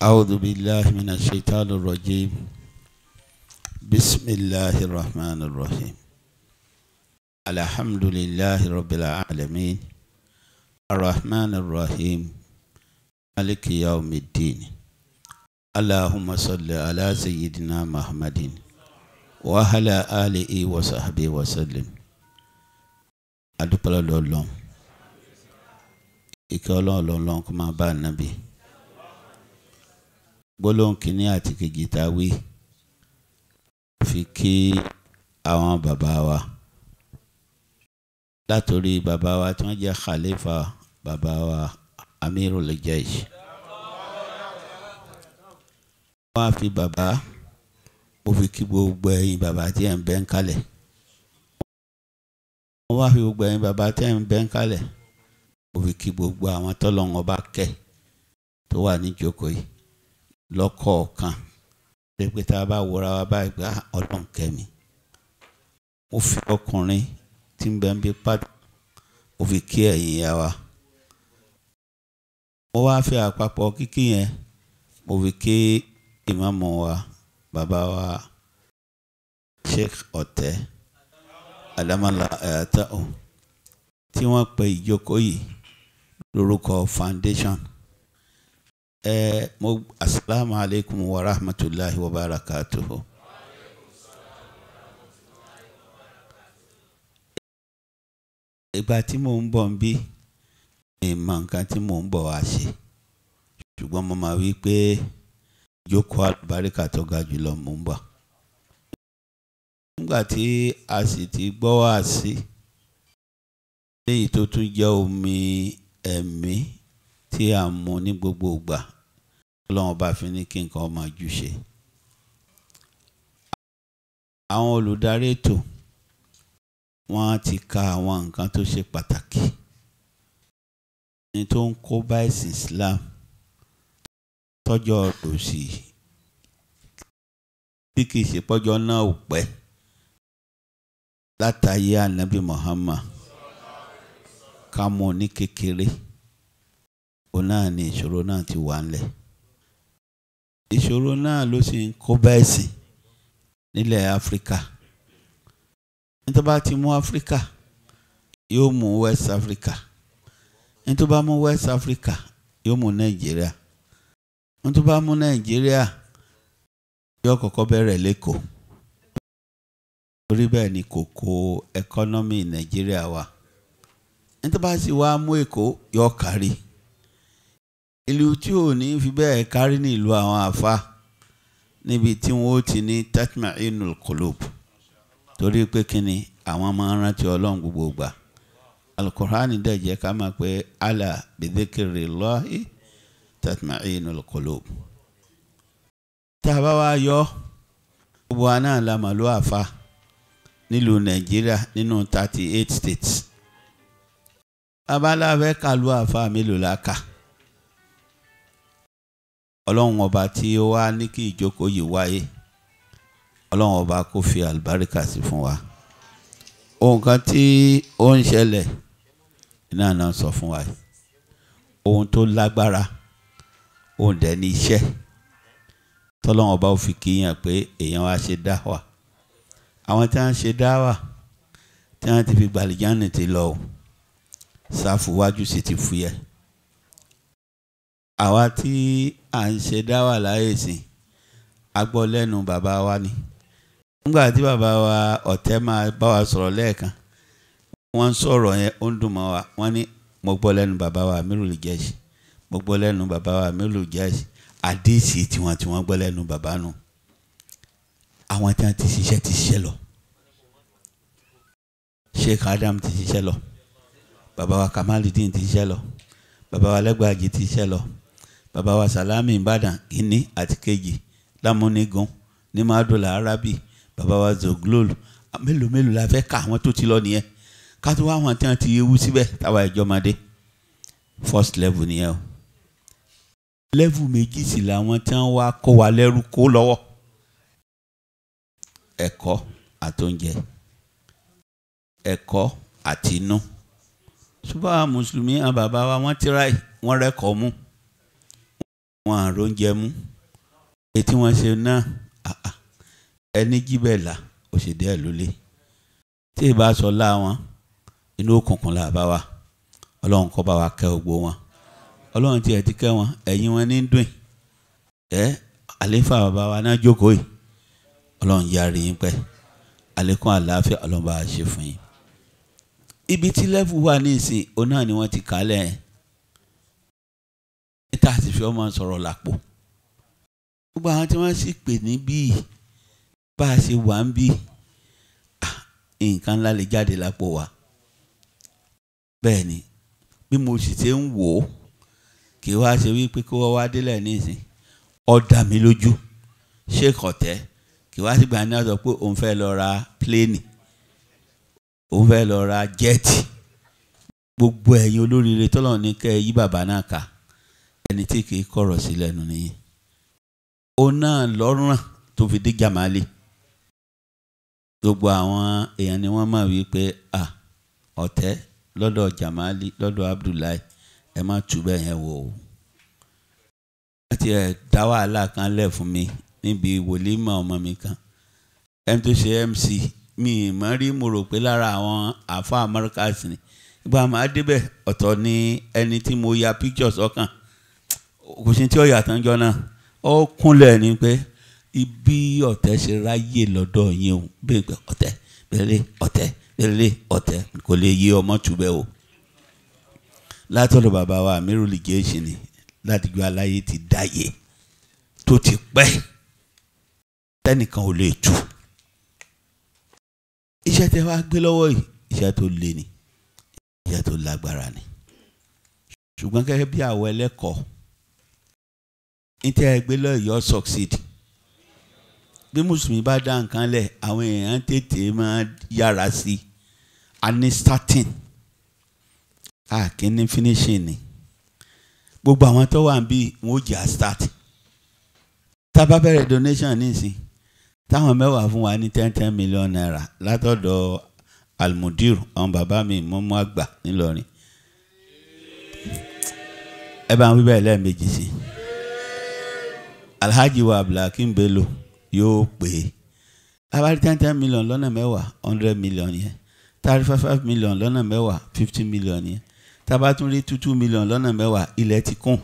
أعوذ بالله من الشيطان الرجيم بسم الله الرحمن الرحيم الحمد لله رب العالمين الرحمن الرحيم مالك يوم الدين اللهم صل على سيدنا محمد وعلى آله وصحبه وسلم أدبر الله إكرام الله كما بان النبي gbólóhùn kínní àti kejì tá a wí fi kí àwọn bàbá wa látòrí bàbá wa tí wọ́n jẹ́ khalifa bàbá wa amirul jaysh wọ́n á fi bàbá mo fi kí gbogbo ẹ̀yin bàbá tí ẹ̀ ń bẹ́ ń kalẹ̀ wọ́n wá fi gbogbo ẹ̀yin bàbá tí ẹ̀ ń bẹ́ ń kalẹ̀ mo fi kí gbogbo àwọn tọ́lọ́run ọba kẹ́ tó wà níjókòó yìí lọ́kọ̀ọ̀kan pé tá a bá wọra wa báyìí pé ah, ọlọ́run kẹ́mi ó fi ọkùnrin tí ń bẹ ń bí pàdé ó fi kí ẹ̀yìn ya wa mo wá fi àpapọ̀ kíkí yẹn mo fi kí ìmáàmù wa bàbá wa Sheikh Ọ̀tẹ́ adamala eh, ayatollah tí wọ́n pe ìjókòó yìí lórúkọ foundation ẹ mo asalaamu aleykum wa rahmatulahi wa barakatuhu. ìgbà tí mò ń bọ̀ ń bí ìmọ̀ nǹkan tí mò ń bọ̀ wá ṣe ṣùgbọ́n mo máa wí pé ìjókòó àlùbáríkà tó ga jùlọ mò ń bọ̀. nígbà tí a sì ti gbọ́ wá sí léyìí tó tún jẹ́ omi ẹ̀mí. Eh, tí à ń mu ní gbogbo ìgbà ọlọ́run bá fi ní kí nǹkan ọmọ jù ṣe. àwọn olùdarí ètò wọ́n ti ka àwọn nǹkan tó ṣe pàtàkì ní tó ń kó bá Islam tọ́jọ́ òsì bí kì í ṣe pọ́jọ́ náà ò pẹ́ látàyé ànábì Muhammad ká mọ̀ ní kékeré. òun náà ni ìṣòro náà ti wà ńlẹ̀ ìṣòro náà ló sì ń kó bá nílẹ̀ áfíríkà nítorí ti mú áfíríkà yóò mú west africa nítorí bá west africa yóò mú nàìjíríà nítorí bá mú nàìjíríà yóò kọ́kọ́ bẹ̀rẹ̀ lẹ́kọ̀ọ́ torí bẹ́ẹ̀ ni koko ẹkọ́nọ́mì nàìjíríà wa nítorí bá sì wá mú èkó yóò ìlú tí ò ní fi bẹ́ẹ̀ kárí ní ìlú àwọn àfa níbi tí wọ́n ti ní tatma'inul qulub torí pé kíni àwọn máa rántí ọlọ́run gbogbo gbà alukur'ani dẹ̀ jẹ́ ká máa pé ala bi dhikrillahi tatma'inul qulub tá a bá wá yọ gbogbo wa náà la màlúù àfa nílùú nàìjíríà nínú thirty eight states abala fẹ́ kàlú àfa mélòó la kà ọlọ́run ọba tí ó wá ní kí ìjókòó yìí wáyé ọlọ́run ọba kó fi àlùbáríkà sí fún wa ohun kan tí ó ń ṣẹlẹ̀ iná náà sọ fún wa ohun tó lágbára ohun dẹ̀ ní iṣẹ́ tọ́lọ́run ọba ò fi kíyàn pé èèyàn wa ṣe dá wà àwọn tí wọ́n ṣe dá wà tí wọ́n ti fi gbàlejò ànìtì lọ ò sí ti fúyẹ́ àwa tí à ń ṣe dáwà láyè sìn a gbọ́ lẹ́nu bàbá wa ni nígbà tí bàbá wa ọ̀tẹ́ máa bá wa sọ̀rọ̀ lẹ́ẹ̀kan wọ́n ń sọ̀rọ̀ yẹn ó ń dùn mọ́ wa wọ́n ní mo gbọ́ lẹ́nu bàbá wa Amirul Jaysh mo gbọ́ lẹ́nu bàbá wa Amirul Jaysh àdéhìsì tiwọn tí wọ́n gbọ́ lẹ́nu bàbá nu àwọn tí wọ́n ti ṣiṣẹ́ ti ṣiṣẹ́ lọ Sheikh Adam ti ṣiṣẹ́ lọ bàbá wa Kamaludin ti ṣiṣẹ́ lọ bàbá wa Lẹ́gbàjì ti ṣiṣẹ́ lọ bàbá wa Salami Ìbàdàn kínní àti kejì lámúnigun ní madola arabi bàbá wa Zoglol mélòó la fẹ́ ka àwọn tó ti lọ nìyẹn ká tó wá àwọn tí wọ́n ti ewu síbẹ̀ táwa ìjọmọdé first level nìyẹn o level méjì sì làwọn tí wọ́n wá kó wa lẹ́rú kó lọ́wọ́ ẹ̀kọ́ àtóúnjẹ ẹ̀kọ́ àtinú ṣùgbọ́n àwọn mùsùlùmí àwọn bàbá wa wọ́n tíráì wọ́n rẹ́kọ̀ọ́ mú wọn àrò ń jẹ mú etí wọn ṣe náà ẹni jíbẹ̀ là òṣèdè ẹ̀ lólè tí ì bá sọ láwọn inú òkùnkùn là bá wa ọlọ́run kọ́ bá wa kẹ́ gbogbo wọn ọlọ́run tiẹ̀ ti kẹ́ wọn ẹ̀yìn wọn ní ń dùn ẹ́ àléfà bàbá wa náà jókòó yìí ọlọ́run yá rí yín pẹ́ àlékún àlàáfíà ọlọ́run bá a ṣe fún yín ibi tí lẹ́fù wà ní ìsìn òun náà ni wọ́n ti kálẹ̀ yẹn níta sì fi ọmọ sọ̀rọ̀ làpò gbogbo àwọn tí wọ́n sì pè níbí bá a ṣe wà ń bí ah, nǹkan ńlá lè jáde lápò wa bẹ́ẹ̀ ni bí mo sì ṣe ń wò ó kì í wá ṣe wípé kí wọ́n wá délẹ̀ nísìn ó mi lójú ṣé kọ̀tẹ́ kì í wá sígbà ní ọ̀sọ̀ pé òun fẹ́ lọ ra pléènì òun fẹ́ lọ ra jẹ́ẹ̀tì gbogbo ẹ̀yin olóríire tọ́lọ̀ ní kẹ́ ẹ yí bàbá náà ká ẹni tí kì í kọ̀rọ̀ sí lẹ́nu nìyí ó náà lọ́rùn tó fi dé jamali gbogbo àwọn èèyàn ni wọ́n máa wí pé à ọ̀tẹ́ lọ́dọ̀ jamali lọ́dọ̀ abdullahi ẹ má tù bẹ́ẹ̀ yẹn wò ó láti ẹ̀ dá wàhálà kan lẹ̀ fún mi níbi wòlímọ̀ ọmọ mi kan ẹni tó ṣe mc mi mọ rí mo rò pé lára àwọn àfa amọ́ríkàsì ni ìgbà máa débẹ̀ ọ̀tọ̀ ni ẹni tí mo ya pictures ọkàn. Okay kò sí tí ó yàtọ̀ ńjọ náà ó kúnlẹ̀ ní pé ibi ọ̀tẹ̀ ṣe ráyè lọ́dọ̀ yín o bẹ́ẹ̀ pé ọ̀tẹ̀ bẹ́ẹ̀lẹ́ ọ̀tẹ̀ bẹ́ẹ̀lẹ́ ọ̀tẹ̀ kò lè yé ọmọ tùbẹ̀ o látọ̀dọ̀ bàbá wa Amirul Jaysh ni ládìjọ́ aláyé ti dáyé tó ti pẹ́ tẹ́nìkan ò lè tù iṣẹ́ tẹ wá gbé lọ́wọ́ yìí iṣẹ́ tó le ni iṣẹ́ tó lágbára ni ṣùgbọ́n gẹ́gẹ́ bí àwọn ẹlẹ́kọ̀ọ́ níta ẹgbẹ́ lọ yọ succeed bí mùsùlùmí bá dá nǹkan lẹ̀ àwọn èèyàn tètè máa yára sí a ní starting a kì í ní finishing ni gbogbo àwọn tó wà ń bí wọn ó jẹ́ a start tá a bá bẹ̀rẹ̀ donation nísìn táwọn mẹ́wàá fún wa ní ten ten million naira látọ̀dọ̀ almudir àwọn bàbá mi mọ́mú àgbà ńìlọrin ẹ bá ń wí bẹ́ẹ̀ lẹ́ẹ̀mejì sí i. alhaji wa abdulhakeem bello yóò pè é abárí ten ten million lọ́nà mẹ́wàá hundred million yẹn tari five five million lọ́nà mẹ́wàá fifty million yẹn rí two two million lọ́nà mẹ́wàá ilẹ̀ ti kún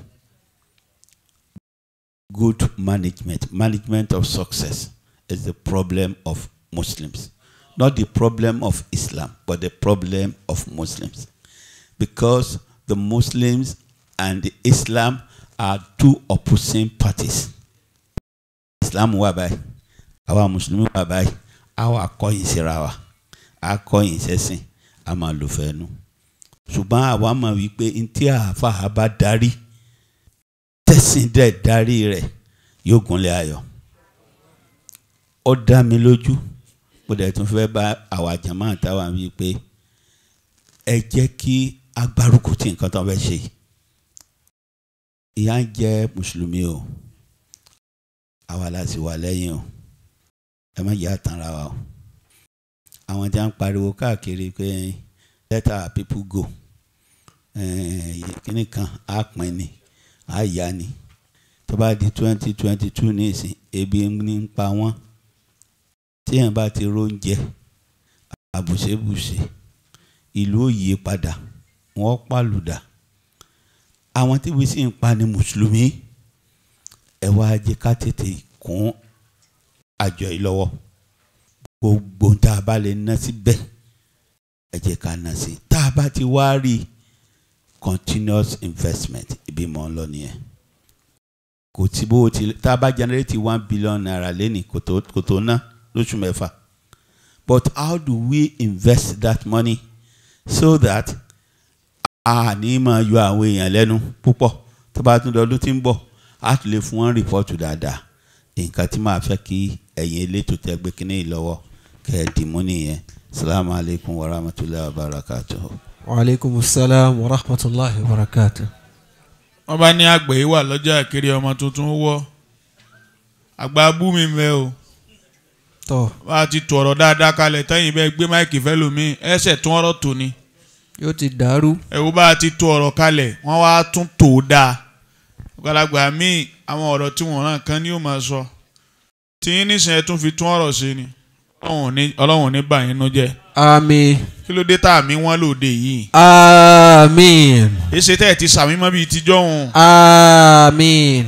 good management management of success is the problem of Muslims not the problem of Islam but the problem of Muslims because the Muslims and the Islam are two opposing parties. islam wà báyìí àwa mùsùlùmí wà báyìí àwa akọyìn síra wa akọyìn sẹ́sìn a máa lò fẹ́nu ṣùgbọ́n àwa mọ̀ wípé ntí àáfàá bá darí tẹ̀sìn dẹ̀ darí rẹ̀ yóò gúnlẹ̀ ayọ̀ ó dá mi lójú mo dẹ̀ tún fẹ́ bá àwa jàmáà táwa wípé ẹ jẹ́ kí agbárùkù tí nǹkan tó ń fẹ́ ṣe ìyà ń jẹ mùsùlùmí o àwa la sì wà lẹ́yìn o ẹ má jẹ́ àtànra wa o àwọn tí a ń pariwo káàkiri pé let our people go kíní kan á pín ni á yá ni tó bá di twenty twenty two ní ìsìn ebi ní ń pa wọ́n téèyàn bá ti róúnjẹ àbùṣebùṣe ìlú òye padà wọ́n pàlùdà àwọn tí wọ́n sì ń pa ni mùsùlùmí ẹ wá jẹ́ ká tètè kún àjọ yìí lọ́wọ́ gbogbo tá a bá lè ná síbẹ̀ ẹ jẹ́ ká ná sí tá a bá ti wá rí continuous investment ibi mọ̀ ń lọ nìyẹn kò tí bó ti tá a bá generate one billion naira lẹ́nìí kò tó kò tó ná lóṣù mẹ́fà but how do we invest that money so that a ní máa yọ àwọn èèyàn lẹ́nu púpọ̀ tó bá tún lọ ọdún tí ń bọ̀ a tún lè fún wọn rìpọ́ọ̀tù dáadáa nǹkan tí màá fẹ́ kí ẹ̀yin elétò tẹ́ gbé kínní lọ́wọ́ kẹ́ ẹ̀ dìmú nìyẹn salamu alaykum wa rahmatulahi wa barakatu. wa aleykum salaam wa rahmatulahi wa barakatu. wọ́n bá ní àgbẹ̀ yìí wà lọ́jà àkèrè ọmọ tuntun wọ́ àgbà búmi mẹ́ o tọ́ bá a ti tọ̀rọ̀ dáadáa kalẹ̀ tẹ́yìn bẹ́ẹ̀ gbé máìkì fẹ́ lómi ẹsẹ̀ tún ọ̀rọ̀ tò ní. yóò ti dàrú. ẹ̀wọ́ bá a ti tọ̀rọ̀ kalẹ̀ wọ́n wá tún tò dáa àgbàlagbà míì àwọn ọ̀rọ̀ tí wọ́n rán kan ni yóò máa sọ tí yín nísìnyẹn tún fi tún ọ̀rọ̀ sí ni ọlọ́run ní bà nú jẹ́. àmín. kí ló dé tá àmì wọn lòde yìí. àmín. èsì tẹ́ ẹ̀ ti sàmímọ́ bíi tíjọ́ òun. àmín.